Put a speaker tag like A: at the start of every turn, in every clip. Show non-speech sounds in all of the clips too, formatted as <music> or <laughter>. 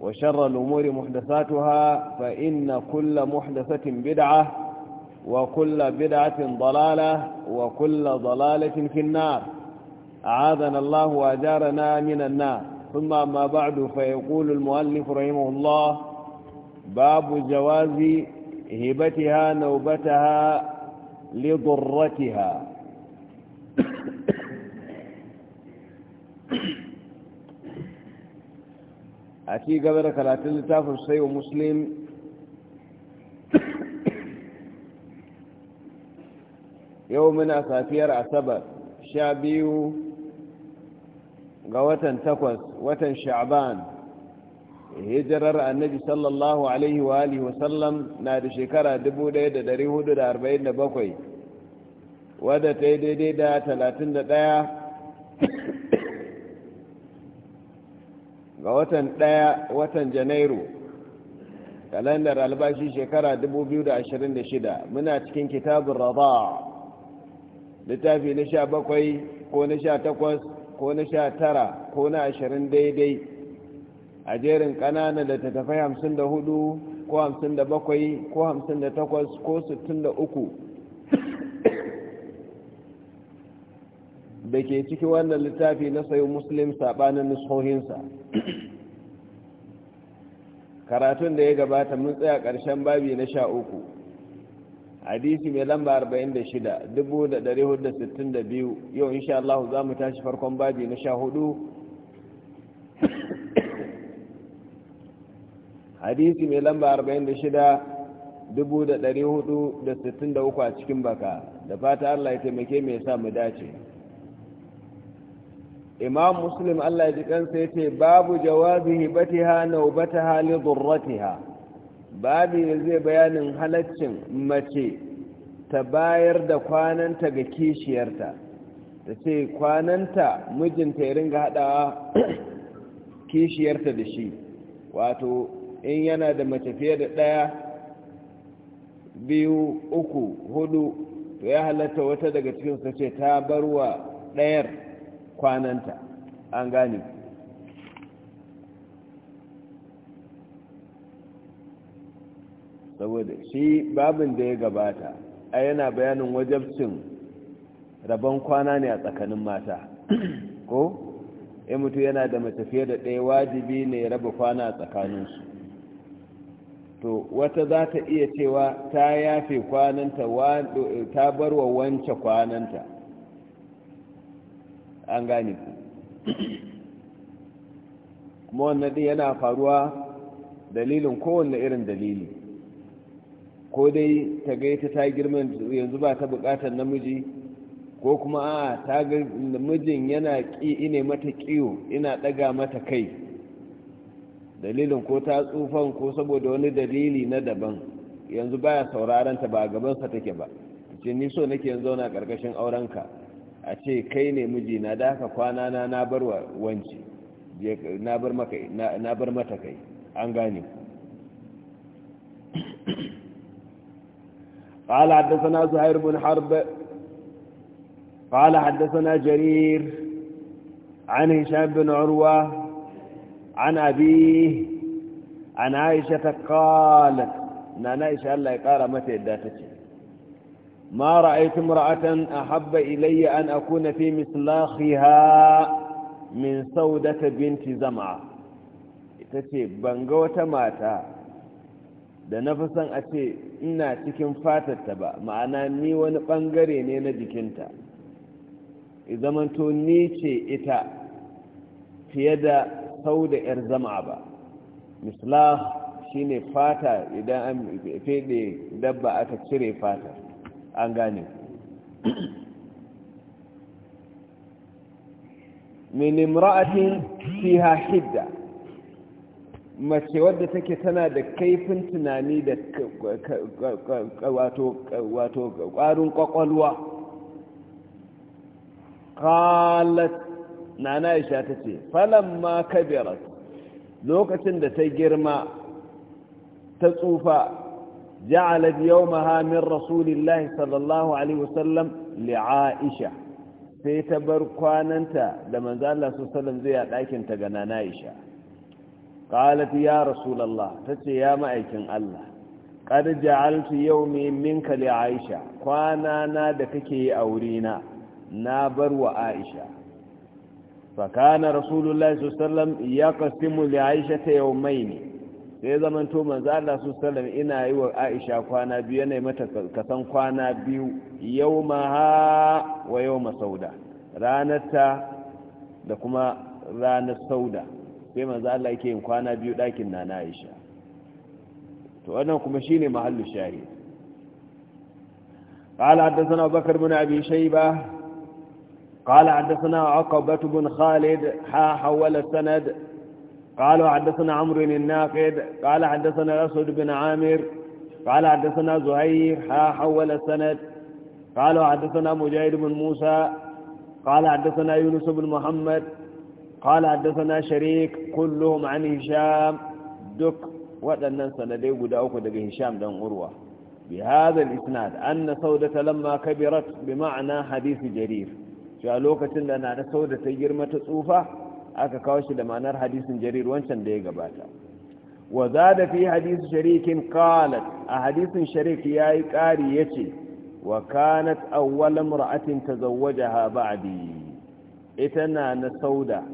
A: وشر الأمور محدثاتها فإن كل محدثة بدعة وكل بدعة ضلالة وكل ضلالة في النار أعاذنا الله وأجارنا من النار ثم ما بعد فيقول المؤلف رحمه الله باب جواز هبتها نوبتها لضرتها a ci gaba da karatun littafin sai wa muslim yau muna safiyar asabar sha biyu ga watan takwas watan sha'ban hijirar annabi sallallahu alaihi wa alihi wasallam na da shekara 1447 wadda ta yi daidai da 31 ga watan ɗaya watan janairu kalandar albashi shekara 2026 muna cikin kitabun rada littafi na sha bakwai ko na sha takwas ko na sha tara ko na ashirin daidai a jerin ƙananan da ta littattafai 54 ko 57 ko 58 ko 63 da ke ciki wannan littafi na sayo muslim saɓanin nishohinsa karatun da ya gabata mun tsaya ƙarshen babi na sha uku hadisi mai lamba da biyu yau insha Allah za mu tashi farkon babi na sha hudu hadisi mai lamba da uku a cikin baka da fata Allah ya taimake mai sa mu dace imam muslim allah ya ji kansa ya ce babu jawabi hibatiha naubataha li durratiha babu ya zai bayanin halaccin mace ta bayar da kwananta ga kishiyarta ta ce kwananta mijinta ya ringa haɗawa <clears throat> kishiyarta da shi wato in yana da mace fiye da ɗaya biyu uku hudu to ya halatta wata daga cikinsu ta ce ta barwa ɗayar kwananta an gane saboda shi babin da ya gabata a yana bayanin wajabcin rabon kwana ne a tsakanin mata <clears throat> ko ya mutu yana da matafiya da ɗaya wajibi ne raba kwana a tsakaninsu to wata za ta iya cewa ta yafe kwananta ta wa wance kwananta an gane ku kuma wannan din yana faruwa dalilin kowanne irin dalili ko dai ta gaita ta girma yanzu ba ta bukatar namiji ko kuma a ta namijin yana ƙi ine mata ƙiyo ina ɗaga mata kai dalilin ko ta tsufan ko saboda wani dalili na daban yanzu baya sauraron ta ba gabansa take ba ce ni so nake yanzu na ƙarƙashin aurenka a ce kai ne mijina da haka kwana na na bar wance na bar mata kai an gane قال حدثنا زهير بن حرب قال حدثنا جرير عن هشام بن عروة عن أبيه عن عائشة قالت نانا إشاء الله قال إداتك ما رأيت امرأة أحب إلي أن أكون في مثلاخها من سودة بنت زمعة تتي بنغوة ماتا da na fi son a ce ina cikin fatarta ba ma'ana ni wani ɓangare ne na jikinta zamanto ni ce ita fiye da sau da 'yar zama ba mislah shine fata idan an fede dabba aka cire fatar an gane min imra'atin fiha hidda mace wadda take tana da kaifin tunani da wato ƙwarin ƙwaƙwalwa ƙalat na na isha ta falamma kabirat lokacin da ta girma ta tsufa جعلت يومها من رسول الله صلى الله عليه وسلم لعائشة سيتبر كواننت لما زال الله صلى الله عليه وسلم زي لكن تقنا نائشة قالت يا رسول الله تتي يا مأيكن الله قد جعلت يومي منك لعائشة كوانانا دككي أورينا نابر وعائشة فكان رسول الله صلى الله عليه وسلم يقسم لعائشة يومين da ya zama to manzo Allah su sallam ina yi wa Aisha kwana biyu yana mata kasan kwana biyu ha wa yawma sauda ranar ta da kuma ranar sauda sai manzo Allah yake yin kwana biyu dakin nana Aisha to wannan kuma shine mahallu shari قال حدثنا بكر بن أبي شيبة قال حدثنا عقبة بن خالد حا حول السند قالوا حدثنا عمرو بن الناقد قال حدثنا اسود بن عامر قال حدثنا زهير ها حول السند قالوا حدثنا مجاهد بن موسى قال حدثنا يونس بن محمد قال حدثنا شريك كلهم عن هشام دك ودنا سندي غدا اكو دغه هشام دن عروه بهذا الاسناد ان سوده لما كبرت بمعنى حديث جرير يا لوكتين دنا سوده تجرمه تصوفه aka kawo shi da ma'anar hadisin jarir wancan da ya gabata wa zada fi hadisi sharikin qalat a hadisin sharik yayi ƙari yace wa kanat awwal imra'atin tazawwajaha ba'di ita na na sauda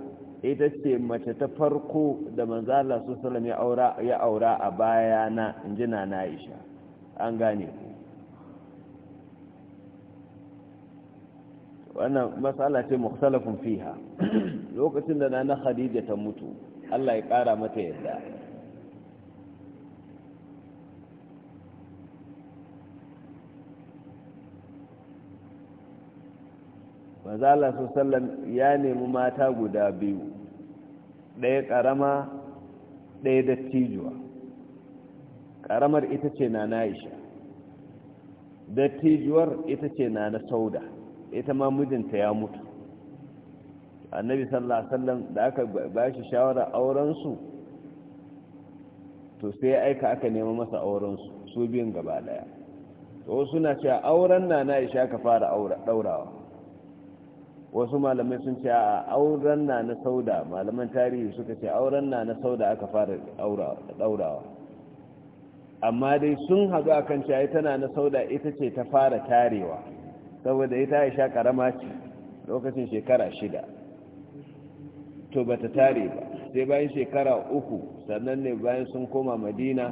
A: ita ce mace ta farko da manzo Allah sallallahu ya aura ya aura a bayana na Aisha an gane ku wannan matsala ce mukhtalafun fiha <clears throat> lokacin da na khadija ta mutu Allah ya kara mata yadda manzo Allah sallam ya nemi mata guda biyu ɗaya ƙarama ɗaya dattijuwa ƙaramar ita ce na na'isha dattijuwar ita ce na na sauda ita ma mijinta ya mutu annabi sallallahu alaihi wasallam da aka ba shi shawara auren su to sai ya aika aka nema masa auren su su biyan gaba daya to suna cewa auren na na isha ka fara daurawa wasu malamai sun ce a auren na na sauda malaman tarihi suka ce auren na na sauda aka fara daurawa amma dai sun hazo akan cewa tana na sauda ita ce ta fara tarewa saboda ita aisha karama ce lokacin shekara shida to ba ta tare ba sai bayan shekara uku sannan ne bayan sun koma madina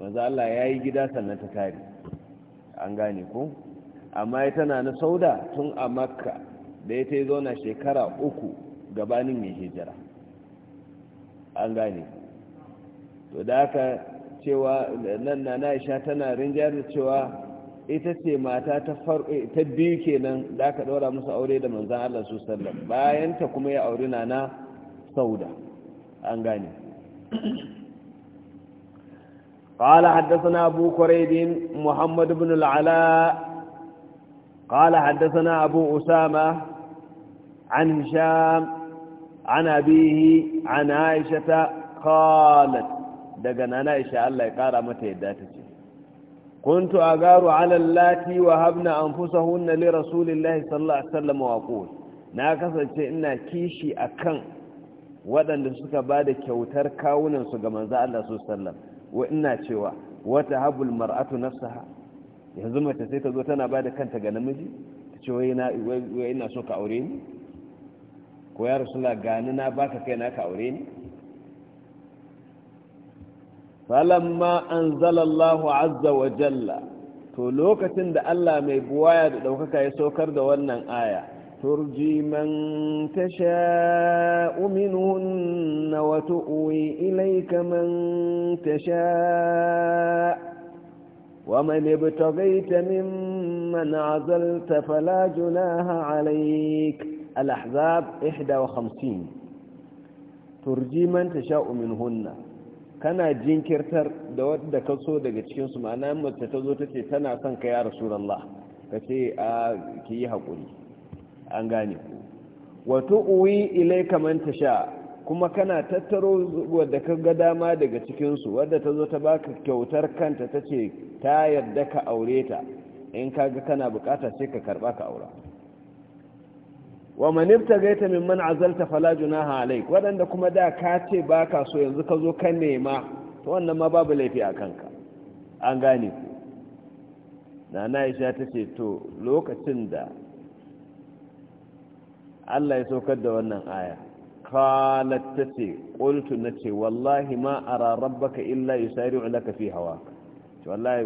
A: wanzu Allah ya yi gida sannan ta tare an gane ku amma ya tana na sauda tun a makka da ya ta yi zauna shekara uku gabanin mai hijira an gane to da aka cewa nan na na isha tana rinjiyar cewa ita ce mata ta eh, ta biyu kenan da aka daura musu aure da manzan Allah su sallam bayan ta kuma ya aure na na sauda an gane قال حدثنا ابو كريب محمد بن العلاء قال حدثنا ابو اسامه عن هشام عن ابيه عن عائشه قالت دغنا عائشه الله يقرا متى يداتك كنت أغار على اللاتي وهبن أنفسهن لرسول الله صلى الله عليه وسلم وأقول ناكسة إنا كيشي أكن ودن لسك بعد كوتر كاونا سقما زاء الله صلى الله عليه وسلم وإنا شوى وتهب المرأة نفسها يهزم تسيت زوتنا بعد كانت غنمجي تشوينا وإنا سوك أوريني ko ya rasu la gani na baka kai naka aure ne falamma anzalallahu azza wa jalla to lokacin da Allah mai buwaya da ɗaukaka ya saukar da wannan aya turji man tasha'u minhunna wa tu'wi ilayka man tasha' ومن ابتغيت ممن عزلت فلا جناها عليك الأحزاب 51 ترجي من kana jinkirtar da wadda ka so daga cikinsu ma'ana mace ta zo ta ce tana son ka ya rasulallah ka ce a ki yi haƙuri an gane ku wato uwi ilai kamar ta sha kuma kana tattaro wadda ka ga dama daga cikinsu wadda ta zo ta baka kyautar kanta ta ce ta yarda ka aure ta in kaga kana bukata sai ka karba ka aura wa manifta gaita mimman azalta fala junaha alaik waɗanda kuma da ka ce ba ka so yanzu ka zo ka nema to wannan ma babu laifi a kanka an gane ku na na isha ce to lokacin da Allah ya saukar da wannan aya qalat ta ce qultu na ce wallahi ma ara rabbaka illa yusari'u laka fi hawaka to wallahi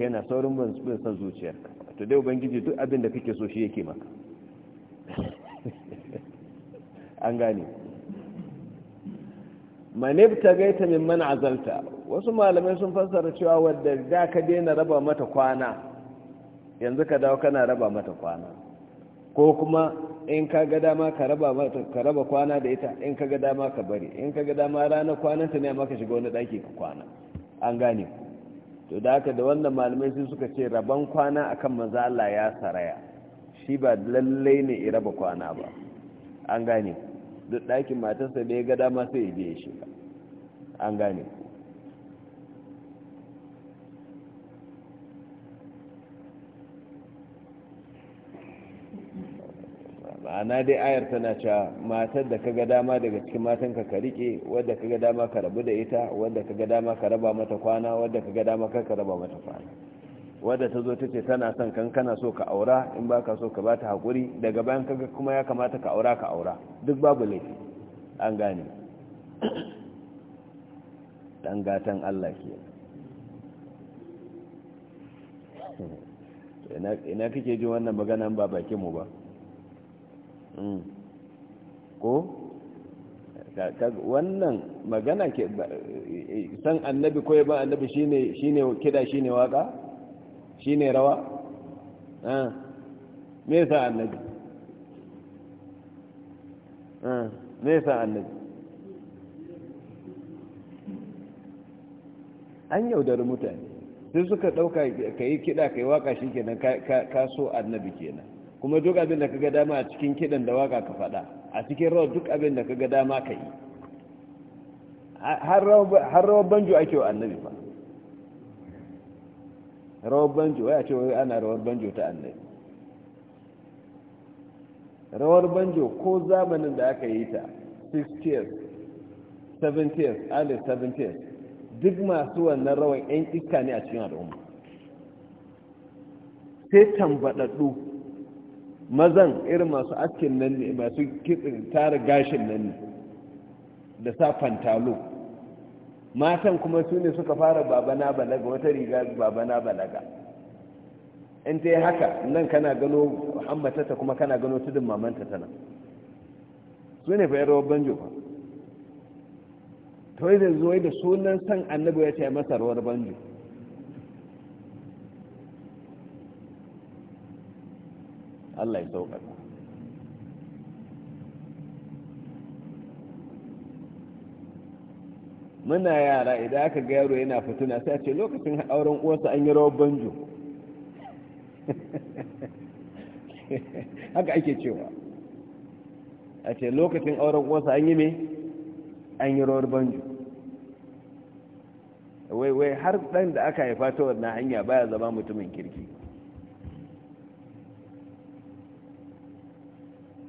A: kai na saurin bin san zuciyarka to dai ubangiji duk abin da kake so shi yake maka <laughs> an gane manibta gaita min man azalta wasu malamai sun fassara cewa wadda da ka daina raba mata kwana yanzu ka dawo kana raba mata kwana ko kuma in ka ga dama ka raba mata ka raba kwana da ita in ka ga dama ka bari in ka ga dama ranar kwananta ne amma ka shiga wani daki ka kwana an gane to da haka da wannan malamai sun suka ce rabon kwana akan maza Allah ya saraya shi ba lallai ne ya raba kwana ba an gane duk ɗakin matarsa da ya ga dama sai ya biya shi ba, an gane ma'ana dai ayar tana cewa matar da kaga dama daga cikin matanka ka rike wadda kaga dama ka rabu da ita wadda kaga dama ka raba mata kwana wadda kaga dama ka raba mata kwana wadda ta zo ta ce tana son kan kana so ka aura in ba ka so ka ba ta haƙuri daga bayan kaga kuma ya kamata ka aura ka aura duk babu laifi an gane ɗan gatan allah ke ina kake ji wannan maganan ba bakinmu ba hmm. ko wannan magana ke san annabi ko ya ba annabi shine shine kida shine waka Shi ne rawa me yasa annabi me annabi an yaudari mutane sai suka ɗauka ka yi kiɗa ka yi waka shi kenan ka so annabi kenan kuma duk abin da ka ga dama a cikin kiɗan da waka ka faɗa a cikin rawar duk abin da ka ga dama ka yi har rawar banjo ake wa annabi fa rawar banjo ya ce wai ana rawar banjo ta annabi rawar banjo ko zamanin da aka yi ta 60s 70 duk masu wannan rawar 'yan iska ne a cikin al'umma sai tambaɗaɗɗu mazan irin masu askin nan ne masu tara gashin nan ne da sa fantalo matan kuma su ne suka fara babana balaga wata riga babana balaga in ta yi haka nan kana gano ta kuma kana gano tudun mamanta tana su ne fayar rawar banjo ba ta wajen zuwa da sunan san annabi ya ce masa rawar banjo Allah ya sauƙaƙa muna yara idan aka ga yaro yana fituna sai a ce lokacin auren uwarsa an yi rawar banjo <laughs> haka ake cewa a ce lokacin auren uwarsa an yi me an yi rawar banjo wai wai har ɗan da aka haifa ta wannan hanya baya zama mutumin kirki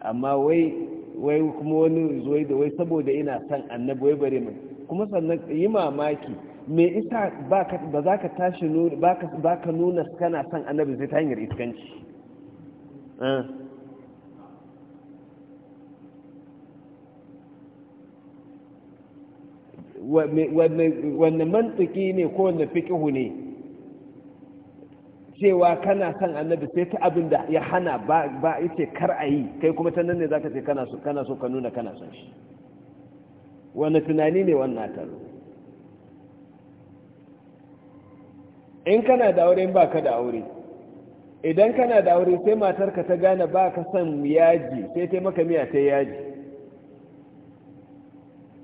A: amma wai wai kuma wani zuwai da wai saboda ina son annabu wai bare mai kuma sannan yi mamaki me isa ba za ka tashi ba ka nuna kana son annabi sai ta hanyar iskanci eh. wanne mantiki ne ko wanne fikihu ne cewa kana son annabi sai ta abin da ya hana ba ita kar a yi kai kuma ta nan ne za ka ce kana so ka nuna kana son shi wani tunani ne wannan taro in kana da aure ba ka da aure idan kana da aure sai matarka ta gane ba ka son yaji sai ta maka miya ta yaji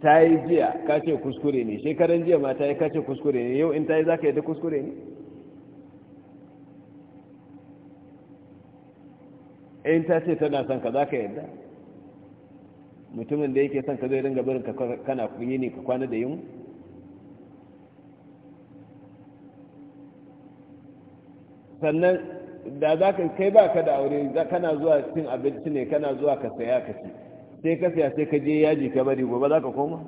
A: ta yi jiya ka ce kuskure ne shekaran jiya ma ta yi ka ce kuskure ne yau in ta yi za ka yi da kuskure ne in ta ce tana son ka za ka yadda mutumin da yake son ka zai ringa barin kana kunyi ne ka kwana da yin sannan da za ka kai ba ka da aure kana zuwa cin abinci ne kana zuwa ka saya ka ci sai ka saya sai ka je yaji ka bari gobe za ka koma?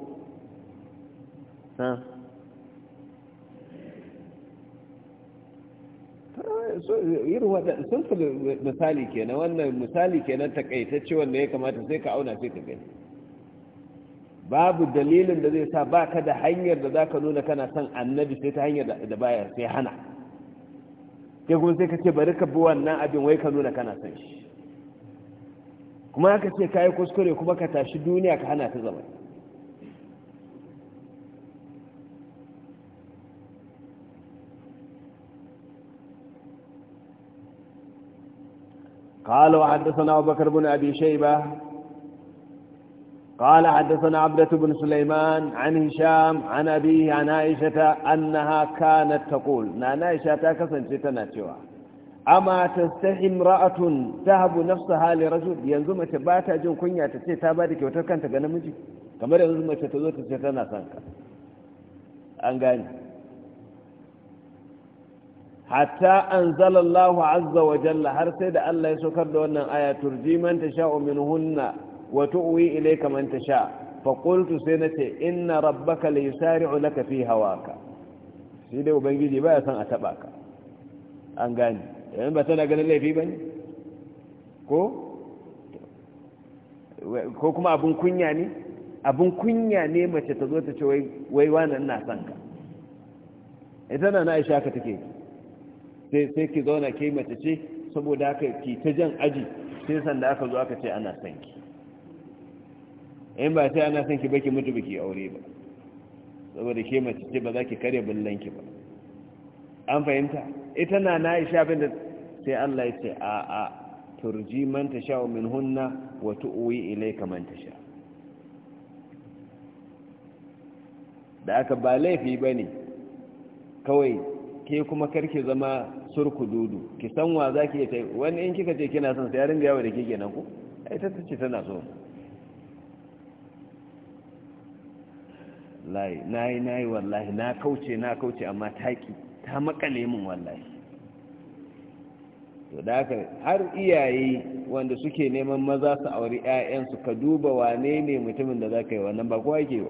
A: sun fi misali kenan wannan misali kenan takaitacce wanda ya kamata sai ka auna sai ka gani babu dalilin da zai sa ba ka da hanyar da za ka nuna kana son annabi sai ta hanyar da bayar sai hana ke kuma sai ka ce bari ka bi wannan abin wai ka nuna kana son shi kuma haka ce ka yi kuskure kuma ka tashi duniya ka hana ta zama قال وحدثنا أبو بكر بن أبي شيبة قال حدثنا عبدة بن سليمان عن هشام عن أبيه عن عائشة أنها كانت تقول نانا عائشة تاكسا شتنا شوى أما تستحي امرأة تهب نفسها لرجل ينزم تباتا جن كنيا تتي تابادك وتركن تغنمجي كما ينزم تتزوت شتنا سانكا أنغاني hatta anzalallahu azza wa jalla har sai da Allah ya saukar da wannan aya turji man tasha'u hunna wa tu'wi ilayka man sha fa qultu sai ce inna rabbaka la yusari'u laka fi hawaka shi dai ubangiji baya san a taba ka an gani yayin ba tana ganin laifi bane ko ko kuma abun kunya ne abun kunya ne mace ta zo ta ce wai wai wannan na san ka ita na na aisha ka take sai sai ki zauna ke mace ce saboda haka ki ta jan aji sai sanda aka zo aka ce ana san ki in ba sai ana san ki baki mutu baki aure ba saboda ke mace ce ba za ki kare bullan ki ba an fahimta ita na na isha bin da sai Allah ya ce a a turji man sha min hunna wa tu'wi ilayka man sha. da aka ba laifi bane kawai ke kuma karke zama surku dudu ki san wa za ki ta wani in kika ce kina son sai ya ringa yawo da ke kenan ku ai ta ce tana so layi na yi na yi wallahi na kauce na kauce amma taki ta makale min wallahi to da haka har iyaye wanda suke neman maza su auri 'ya'yansu ka duba wane ne mutumin da za ka yi wannan ba kowa yake yi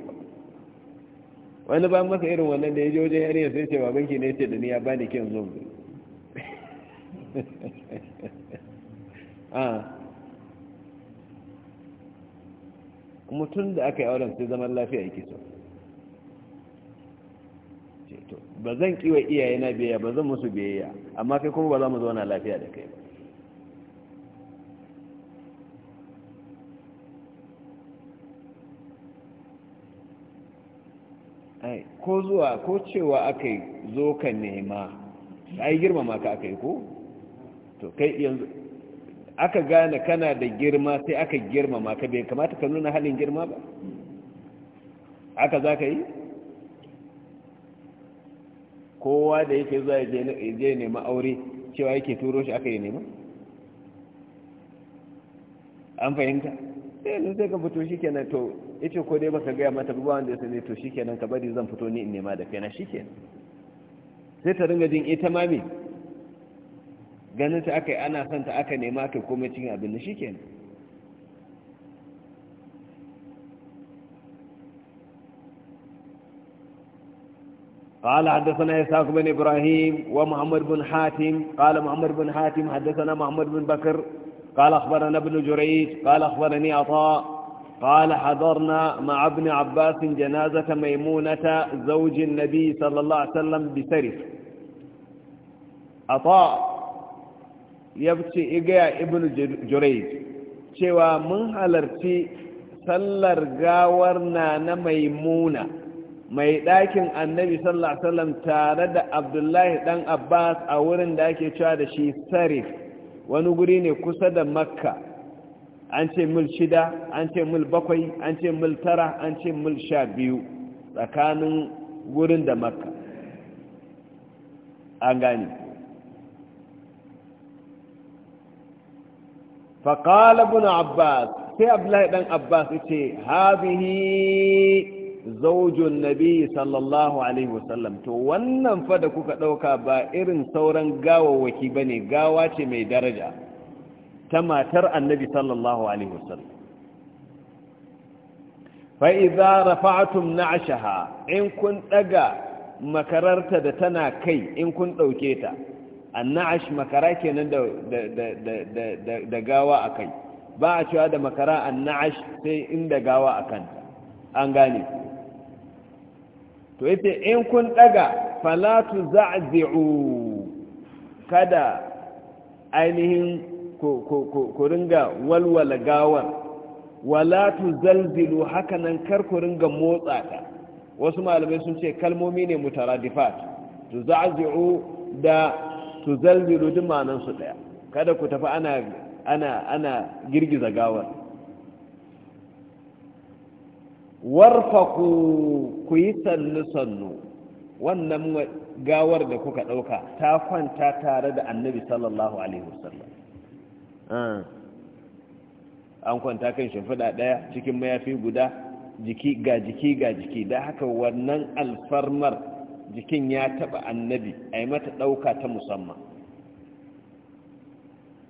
A: wani ba masa irin wannan da ya je wajen yare sai ce babanki ne ce da ni ya bani kyan zombi kuma <laughs> ah. da aka yi auren sai zaman lafiya yake so ba zan kiwa iyayena biyayya ba zan musu biyayya amma kai kuma ba za mu zauna lafiya da kai ba ko zuwa ko cewa aka yi zo ka nema ai girmama ka aka yi ko to kai yanzu aka gane kana da girma sai aka girmama ka bai kamata ka nuna halin girma ba aka za ka yi kowa da yake za ya je nema aure cewa yake turo shi aka yi nema an fahimta sai yanzu sai ka fito shi kenan to ita ko dai baka gaya mata ba wanda ya sani to shi kenan ka bari zan fito ni in nema da na shi kenan sai ta ringa jin ita mami ganin ta aka yi ana son ta aka nema aka komai cikin abin da shi ke قال حدثنا إساق بن إبراهيم ومحمد بن حاتم قال محمد بن حاتم حدثنا محمد بن بكر قال أخبرنا ابن جريج قال أخبرني عطاء قال حضرنا مع ابن عباس جنازة ميمونة زوج النبي صلى الله عليه وسلم بسرف عطاء ya ce igaya ibn jurai cewa mun halarci sallar gawar na na maimuna mai dakin annabi sallallahu alaihi wasallam tare da abdullahi dan abbas a wurin da ake cewa da shi sarif wani guri ne kusa da makka an ce mil shida an ce mil bakwai an ce mil tara an ce mil sha biyu tsakanin gurin da makka an gane faƙala bin abbas sai abdullahi ɗan abbas ce habihi zaujun nabi sallallahu alaihi wasallam to wannan fa da kuka ɗauka ba irin sauran gawawwaki ba ne gawa ce mai daraja ta matar annabi sallallahu alaihi wasallam fa'iza rafa'atum na ashaha in kun ɗaga makararta da tana kai in kun ɗauke ta annash makara kenan da da gawa akai ba a cewa da makara annash sai inda gawa akan an gane to yace in kun daga falatu za'zi'u kada ainihin ku ringa walwala gawar wala tuzalzilu hakanan kar ku ringa motsa ta wasu malamai sun ce kalmomi ne mutaradifat tuza'zi'u da tuzalzilu duk ma'anan daya kada ku tafi ana girgiza gawar warfaku ku yi sannu sannu wannan gawar da kuka dauka ta kwanta tare da annabi sallallahu alaihi wasallam ah. an kwanta kan shimfiɗa ɗaya cikin mayafi guda jiki ga jiki ga jiki da haka wannan alfarmar jikin ya taba annabi a yi mata ɗauka ta musamman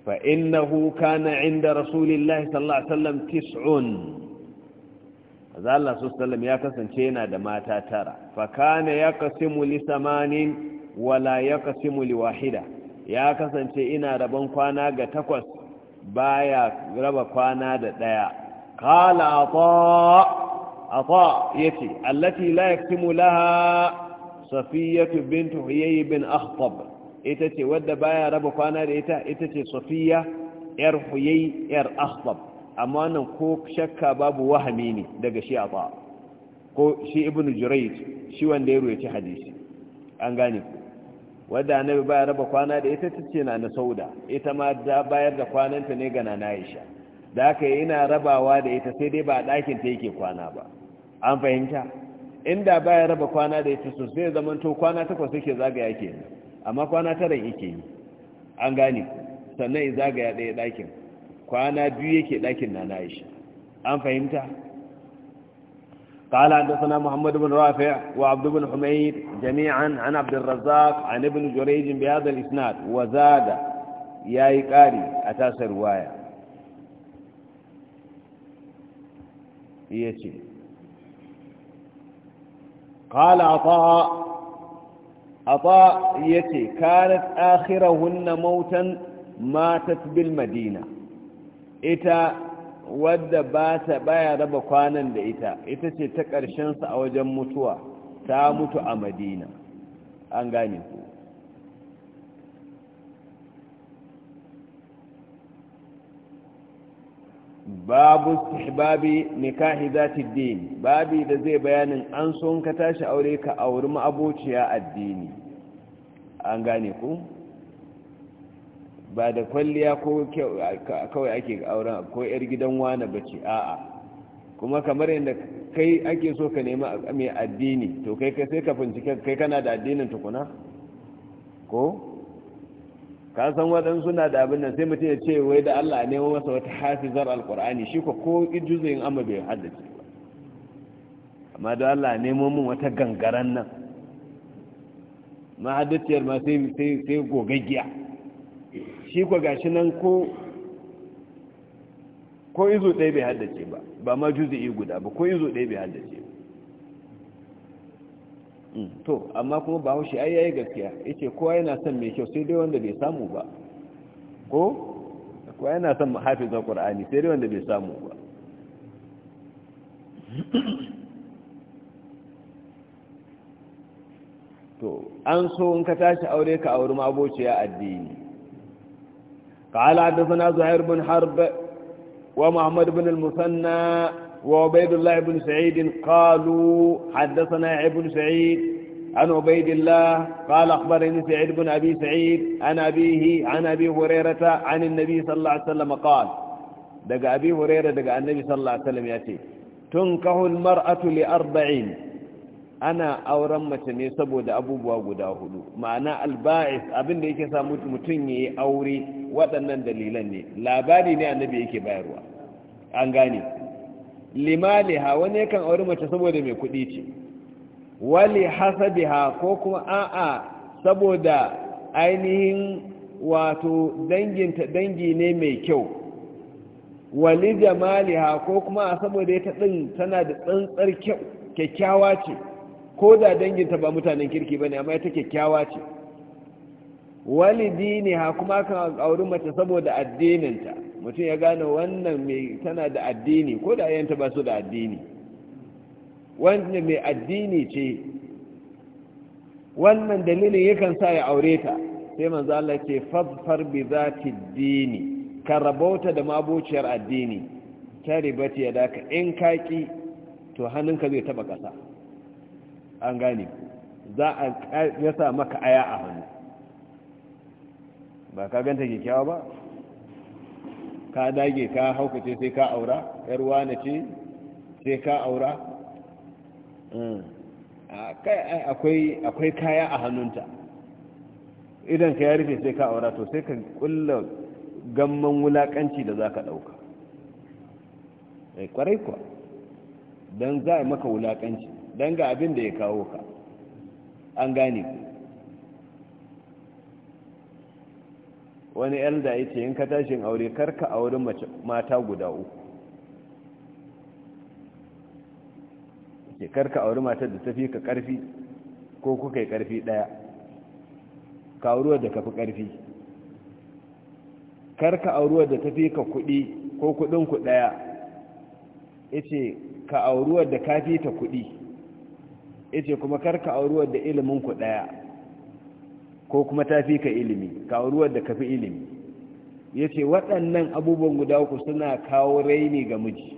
A: fa innahu kana inda rasulillah sallallahu alaihi wasallam tis'un za Allah su sallam ya kasance yana da mata tara fakane ya kasimu li samanin wala ya kasimu li wahida ya kasance ina rabon kwana ga takwas baya raba kwana da ɗaya. kala ata ata yace allati la yaktimu laha safiyatu Bintu Huyayi bin akhtab ita ce wadda baya raba kwana da ita ita ce safiya yar Huyayi yar akhtab amma nan ko shakka babu wahami ne daga shi a ko shi Ibn jurayj shi wanda ya ruwaci hadisi an gane ku wadda annabi baya raba kwana da ita tace na na sauda ita ma da bayar da kwananta ne ga nana aisha da haka yana rabawa da ita sai dai ba a ɗakin ta yake kwana ba an fahimta inda ba ya raba kwana da ita sai zaman to kwana takwas suke zagaya ke amma kwana tara yake yi an gane sannan zagaya ɗaya ɗakin kwana biyu yake ɗakin na na aisha an fahimta قال حدثنا محمد بن رافع وعبد بن حميد جميعا عن عبد الرزاق عن ابن جريج بهذا الإسناد وزاد يا إكاري أتاس رواية يتي qala ata ata yace kanat akhirahunna mautan matat bil madina ita wadda baya raba kwanan da ita ita ce ta ƙarshensa a wajen mutuwa ta mutu a madina an gane ku babu istihbabi nikahi zati din babi da zai bayanin an so ka tashi aure ka auri ma'abociya addini an gane ku ba da kwalliya ko kawai ake auren ko yar gidan wani bace a'a kuma kamar yadda kai ake so ka nemi mai addini to kai sai ka bincike kai kana da addinin tukuna ko ka san waɗansu na da abin nan sai mutum ya ce wai da Allah ne nemo masa wata hafizar Alƙur'ani shi ko ko juzuyin amma bai haddace ba amma da Allah ne nemo mun wata gangaran nan mahaddaciyar ma sai sai gogaggiya shi ko gashi nan ko ko izo ɗaya bai haddace ba ba ma juzu'i guda ba ko izo ɗaya bai haddace ba to amma kuma ba haushi ai yayi gaskiya yace kowa yana son mai kyau sai dai wanda bai samu ba ko kowa yana son hafiz alqur'ani sai dai wanda bai samu ba to an so in ka tashi aure ka auri mabociya addini قال حدثنا زهير بن حرب ومحمد بن المثنى وعبيد الله بن سعيد قالوا حدثنا ابن سعيد عن عبيد الله قال أخبرني سعيد بن أبي سعيد عن أبيه عن أبي هريرة عن النبي صلى الله عليه وسلم قال دقى أبي هريرة دقى النبي صلى الله عليه وسلم يأتي تنكه المرأة لأربعين أنا أورمة نسبو دا أبو بواغو دا أهدو معنى الباعث أبن دي كسا متنيي أوري ودنن دليلني لا باري ني النبي إيكي بايروا أنغاني limaliha wani yakan auri mace saboda mai kuɗi ce wali hasabiha ko kuma a'a saboda ainihin wato danginta dangi ne mai kyau wali jamaliha ko kuma a saboda ita ɗin tana da tsantsar kyakkyawa ce ko da danginta ba mutanen kirki ba ne amma ita kyakkyawa ce wali ha kuma kan auri mace saboda addininta mutum ya gane wannan mai tana da addini ko da yanta ba su da addini wanda mai addini ce wannan dalilin yakan sa ya aure ta sai manzo Allah ce fadfar bi zati dini ka rabauta da mabociyar addini ta ya daka in kaki to hannunka zai taba kasa an gane za a yasa maka aya a hannu ba ka ganta kyakkyawa ba ka dage ka haukace sai ka aura yarwa na ce sai ka aura hmm. akwai kaya a hannunta idan ka ya rufe sai ka aura to sai ka kulla gamman wulakanci da za ka ɗauka mai eh, kwarai kuwa don za a maka wulakanci don ga abin da ya kawo ka an gane ku wani elda ya ce in ka tashin aure karka aure mata guda uku ke karka aure mata da tafi ka karfi ko kuka yi karfi daya ka auruwar da kafi karfi karka auruwar da tafi ka kudi ko kudin ku daya yace ka auruwar da kafi ta kudi yace kuma karka auruwar da ilimin ku daya ko kuma ta fi ka ilimi ka da ka fi ilimi ya ce waɗannan abubuwan guda uku suna kawo raini ga miji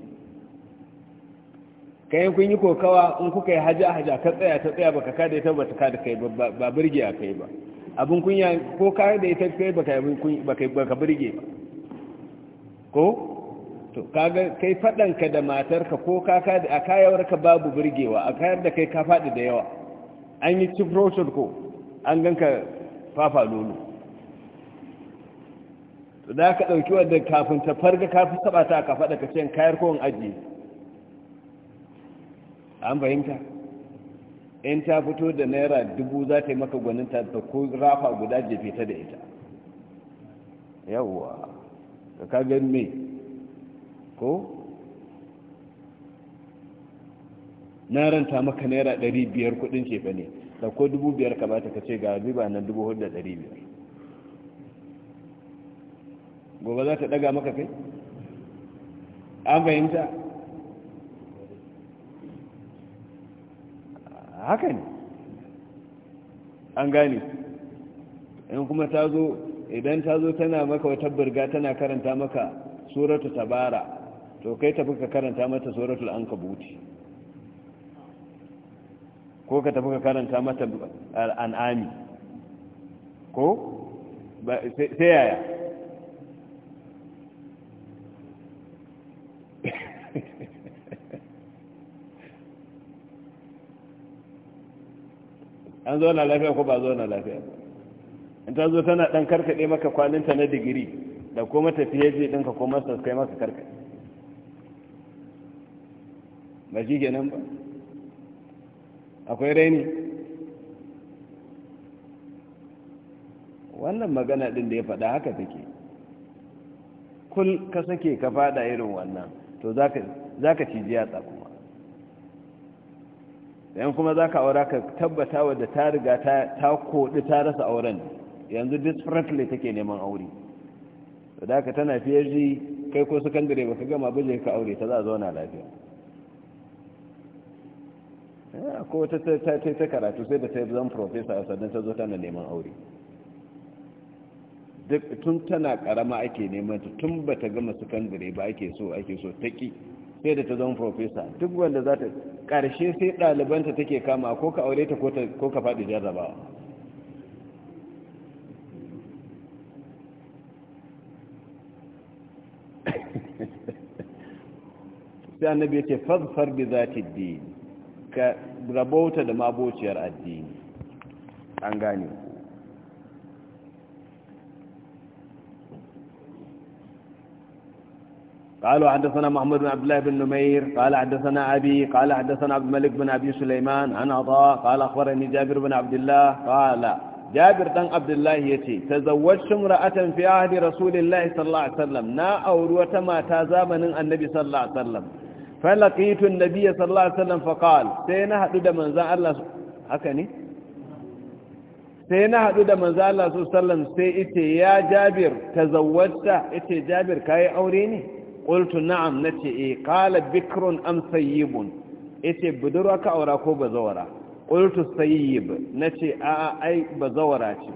A: kayan kun yi kokawa in kuka yi haja haja ka tsaya ta tsaya baka kada ita bata kada kai ba birge a kai ba abin kunya ko kare da ita kai baka birge ba ko to kaga kai faɗanka da matarka ko kaka da a ka babu burgewa a kayar da kai ka faɗi da yawa an yi cifroshir ko an ganka fafa nono to da ka ɗauki wadda kafin ta farga kafin taɓa ta ka faɗa ka ce kayar kowon ajiye an fahimta in ta fito da naira dubu za ta yi maka gwaninta da ko rafa guda jefe ta da ita yawwa da kagan me ko na ranta maka naira 500 biyar kudin cefa ne dauko dubu biyar ka bata ka ce ga riba nan dubu hudu da ɗari biyar gobe za ta ɗaga maka kai an fahimta haka ne an gane in kuma ta zo idan ta zo tana maka wata birga tana karanta maka suratu tabara to kai tafi ka karanta mata suratul kabuti ko ka tafi ka karanta mata al'ami, ko sai yaya <laughs> an zo na lafiya ko ba zo na lafiya in ta zo tana dan karkade maka kwaninta na digiri da ko fiye je ɗinka ko masar kai maka karkade ba shi nan ba akwai raini wannan magana din da ya faɗa haka take kul ka sake ka fada irin wannan to za ka ci yatsa kuma yan kuma za ka aura ka tabbata wadda ta riga ta koɗi ta rasa auren yanzu desperately take neman aure da haka tana fiye kai ko sakandare ba ka gama buje ka aure ta za a zauna lafiya Eh, ko wata ta ce ta karatu sai da ta yi zan profesa sannan ta zo tana neman aure duk tun tana karama ake neman ta tun ba ta gama sakandare ba ake so ake so ta ki sai da ta zama profesa duk wanda za ta karshe sai ɗalibanta take kama ko ka aure ta ko ka faɗi jarrabawa <laughs> sai annabi ya ce fazfar bi za ta ka rabauta da mabociyar addini an gane قالوا حدثنا محمد بن عبد الله بن نمير قال حدثنا أبي قال حدثنا عبد الملك بن أبي سليمان عن عطاء قال أخبرني جابر بن عبد الله قال جابر بن عبد الله يتي تزوجت امرأة في عهد رسول الله صلى الله عليه وسلم نا أوروة ما تازامن النبي صلى الله عليه وسلم falaqitu an-nabiy sallallahu alaihi wasallam faqal sai na hadu da manzon Allah haka ne sai na hadu da manzon Allah sallallahu alaihi sai yace ya Jabir tazawwajta yace Jabir kai aure ne qultu na'am nace eh qala bikrun am sayyibun yace budurwa ka aura ko bazawara qultu sayyib nace a ai bazawara ce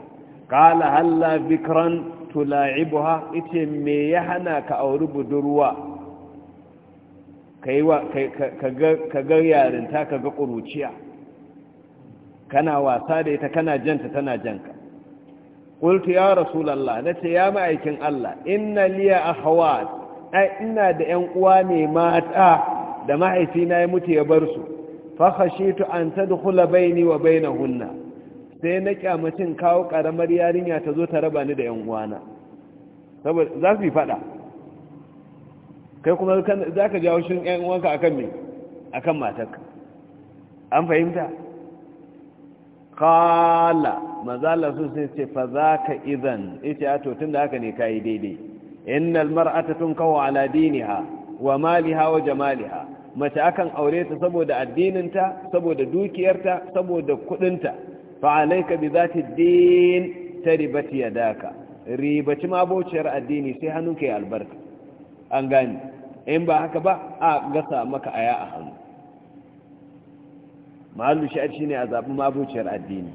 A: qala halla bikran tula'ibuha yace me ya hana ka auri budurwa ka ga yarinta ka ga ƙuruciya kana wasa da ita kana janta tana janka ƙulti ya rasulallah na ce ya ma'aikin Allah ina liya a hawa ina da ‘yan uwa ne mata da mahaifina ya mutu ya bar su fahashitu an ta dukula baini wa baina hunna sai na kyamacin kawo ƙaramar yarinya ta zo ta raba ni da ‘yan uwana saboda za su yi faɗa kai kuma za ka jawo shi yan uwanka akan me akan matarka an fahimta kala mazala sun sai ce fa za ka izan ita a to tun da haka ne ka daidai innal mar'ata tun kawo ala diniha wa maliha wa jamaliha mace akan aure ta saboda addininta saboda dukiyarta saboda kudinta fa alayka bi zati din taribati yadaka ribaci mabociyar addini sai hannunka ya albarka an gane in ba haka ba a gasa maka aya a hannu mahallu sha'ar shi ne a zaɓi mabuciyar addini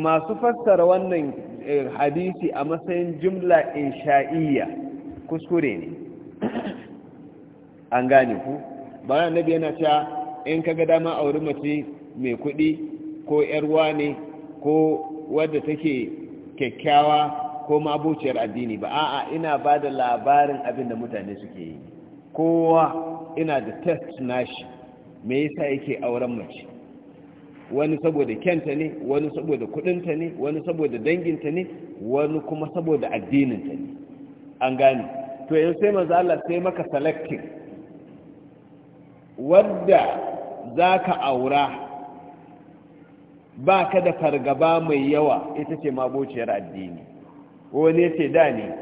A: masu fassara wannan eh, hadisi a matsayin jumla sha'iyya kuskure ne an gane ku bayan nabi yana cewa in ka ga dama auri mace mai kuɗi ko 'yarwa ne ko wadda take kyakkyawa ko mabuciyar addini ba a'a ina ba da labarin abin da mutane suke yi kowa ina da test nashi me yasa yake auren mace wani saboda kyanta ne wani saboda kudinta ne wani saboda danginta ne wani kuma saboda addininta ne an gane to yanzu sai manzo Allah sai maka selecting wadda zaka aura baka da fargaba mai yawa ita ce mabuciyar addini wani ce da ne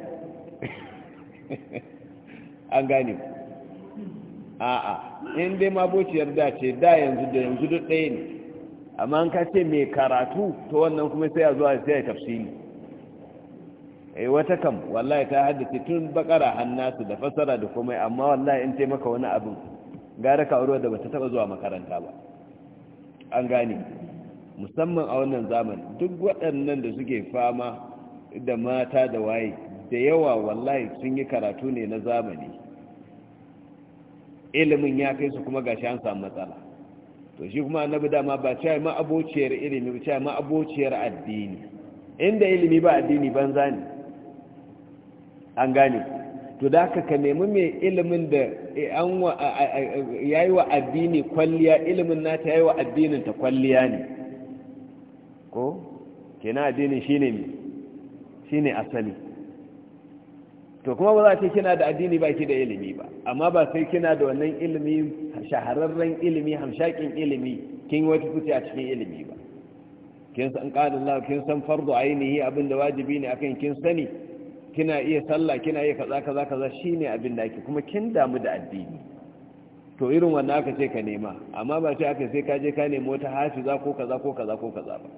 A: an gane a'a in dai mabociyar da ce da yanzu da yanzu duk ɗaya ne amma an ka mai karatu ta wannan kuma sai a zuwa sai a tafsiri ai eh, wata kam wallahi ta haddace tun bakara hannasu da fasara da komai amma wallahi in taimaka wani abin gara ka aure da bata taba zuwa makaranta ba an gane musamman a wannan zamani duk waɗannan da suke fama da mata da waye da yawa wallahi sun yi karatu ne na zamani ilimin ya kai su kuma gashi an samu matsala to shi kuma annabi dama ba cewa ma abociyar ilimi ba cewa ma abociyar addini inda ilimi ba addini banza ne an gane to da haka ka nemi mai ilimin da ya yi wa addini kwalliya ilimin nata ya yi wa addinin ta kwalliya ne ko kena addinin shi ne mai Shi ne asali to kuma ba za ce kina da addini ba ki da ilimi ba amma ba sai kina da wannan ilimi shahararren ilimi hamshakin ilimi kin wata kuce a cikin ilimi ba kin san qalin Allah kin san fardu ainihi abin da wajibi ne akan kin sani kina iya sallah kina iya kaza kaza kaza shine abin da ake kuma kin damu da addini to irin wannan aka ce ka nema amma ba sai aka sai ka je ka nemi wata za ko kaza ko kaza ko kaza ba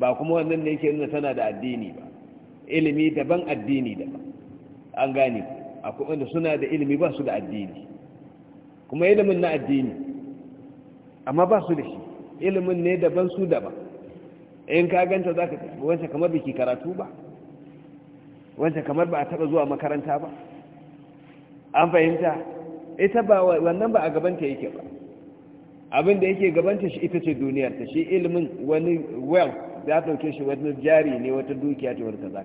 A: ba kuma wannan ne yake nuna tana da addini ba ilimi daban addini daban an gane akwai wanda suna da ilimi ba su da addini kuma ilimin na addini amma ba su da shi ilimin ne daban su daban in ka ganta za ka wancan kamar biki karatu ba wancan kamar ba a taba zuwa makaranta ba an fahimta ita ba wannan ba a gabanta yake ba abin da yake gabanta shi ita ce duniyar ta shi ilimin wani wealth ya ɗauke shi wani jari ne wata dukiya ce wata kaza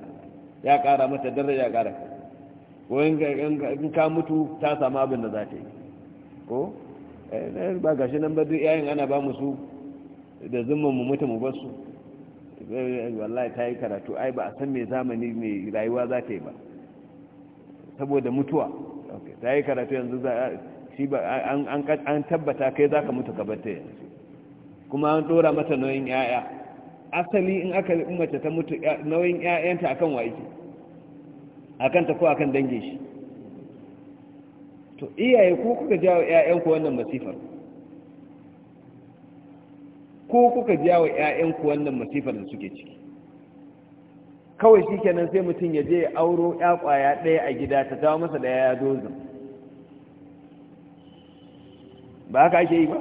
A: ya ƙara mata daraja ya ƙara ko in ka mutu ta samu abin da za ta yi ko eh, ba gashi nan ba duk yayin ana ba mu su da zumman mu mutu mu bar su eh, wallahi ta yi karatu ai ba a san me zamani mai rayuwa za ta yi ba saboda mutuwa ta yi karatu yanzu shi ba an tabbata kai za ka mutu ka bar ta yanzu kuma an ɗora mata nauyin 'ya'ya asali in aka yi mace ta mutu nauyin ƴaƴanta akan wa a kan ta ko akan dangin shi to iyaye ko kuka jawo ƴaƴanku wannan masifar ko kuka jawo ƴaƴanku wannan masifar da suke ciki kawai shi kenan sai mutum ya je ya auro ya ɗaya a gida ta dawo masa da ya yi ba haka ake yi ba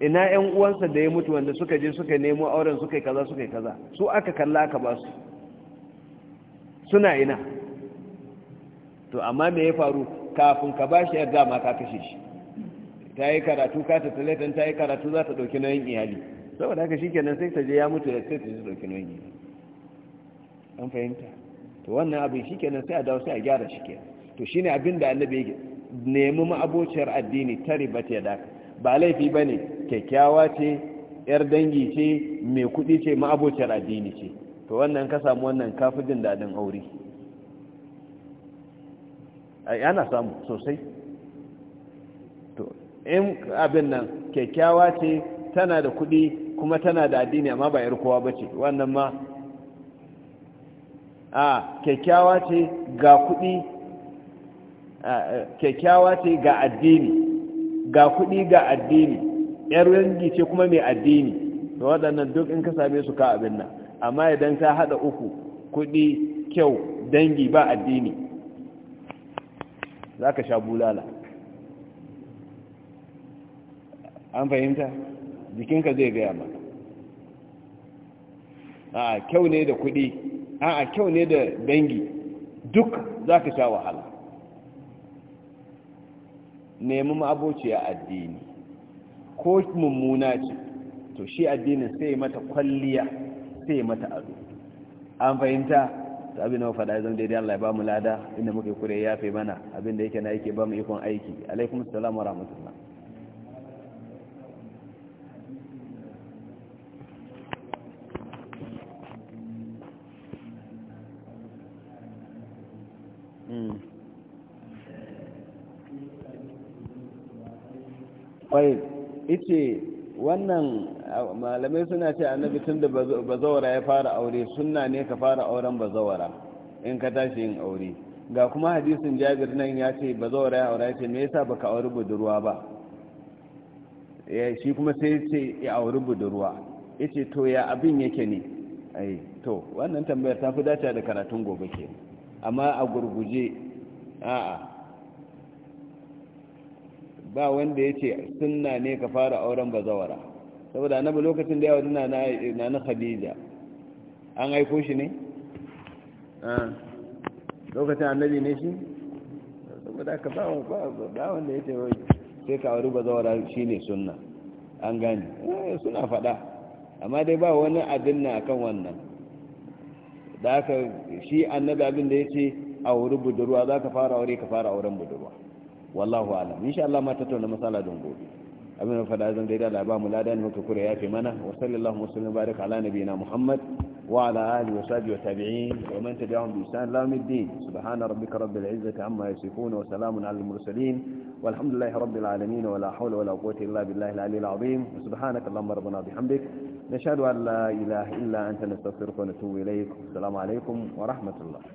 A: ina yan uwansa da ya mutu wanda suka je suka nemo auren suka kaza suka kaza su aka kalla aka ba su suna ina to amma me ya faru kafin ka ba shi yadda ma ka kashe shi ta yi karatu ka ta talatan ta yi karatu za ta ɗauki nauyin iyali saboda haka shi kenan sai ta je ya mutu ya sai ta ji ɗauki nauyin iyali an fahimta to wannan abin shi kenan sai a dawo sai a gyara shi kenan to shine abin da annabi ya nemi ma'abociyar addini ta riba ta daka ba laifi ba ne kyakkyawa ce yar dangi ce mai kuɗi ce ma'abocin addini ce to wannan ka samu wannan kafin jin daɗin aure Yana samu sosai to in abin nan kyakkyawa ce tana da kuɗi kuma tana da addini amma ba kowa ba ce wannan ma a kyakkyawa ce ga kuɗi kyakkyawa ce ga addini ga kuɗi ga addini yar dangi ce kuma mai addini da waɗannan duk in ka same su ka abin nan amma idan ka haɗa uku kuɗi kyau dangi ba addini za ka sha bulala an fahimta jikinka zai gaya ma a kyau ne da kuɗi a kyau ne da dangi duk za ka sha wahala nemi ma'abociya addini ko mummuna ce to shi addinin sai mata kwalliya sai mata ado an fahimta ta abin da faɗa zan daidai Allah ya ba mu lada inda muke kure ya fi mana abin da yake na yake ba mu ikon aiki alaikum salam wa rahmatullah ƙwai ice wannan malamai suna ce annabi tun da bazawara ya fara aure sunna ne ka fara auren bazawara in ka tashi yin aure ga kuma hadisin jabir nan ya ce bazawara ya aure ce me yasa baka auri budurwa ba shi kuma sai ya ce ya auri budurwa ya to ya abin yake ne ai to wannan tambayar ta fi dace da karatun gobe ke amma a gurguje a'a ba wanda ya ce sunna ne ka fara auren bazawara saboda annabi lokacin da yawa na na na khadija an aiko shi ne ah, lokacin annabi ne shi saboda ka ba wanda ya ce sai ka auri bazawara shi ne sunna an gani eh, suna fada amma dai ba wani abin na akan wannan da aka shi annabi abin da ya ce a wuri budurwa za ka fara aure ka fara auren budurwa wallahu alam insha Allah ma tattauna masala don gobe abin da zan daidai da ba mu lada ne muka kure yafe mana wa sallallahu muslim barik ala nabiyina muhammad wa ala alihi wa sahbihi wa tabi'in wa man tabi'ahum bi ihsan ila yawmiddin subhana rabbika rabbil izzati amma yasifun wa salamun alal mursalin والحمد لله رب العالمين ولا حول ولا قوة إلا بالله العلي العظيم وسبحانك اللهم ربنا بحمدك نشهد أن لا إله إلا أنت نستغفرك ونتوب إليك السلام عليكم ورحمة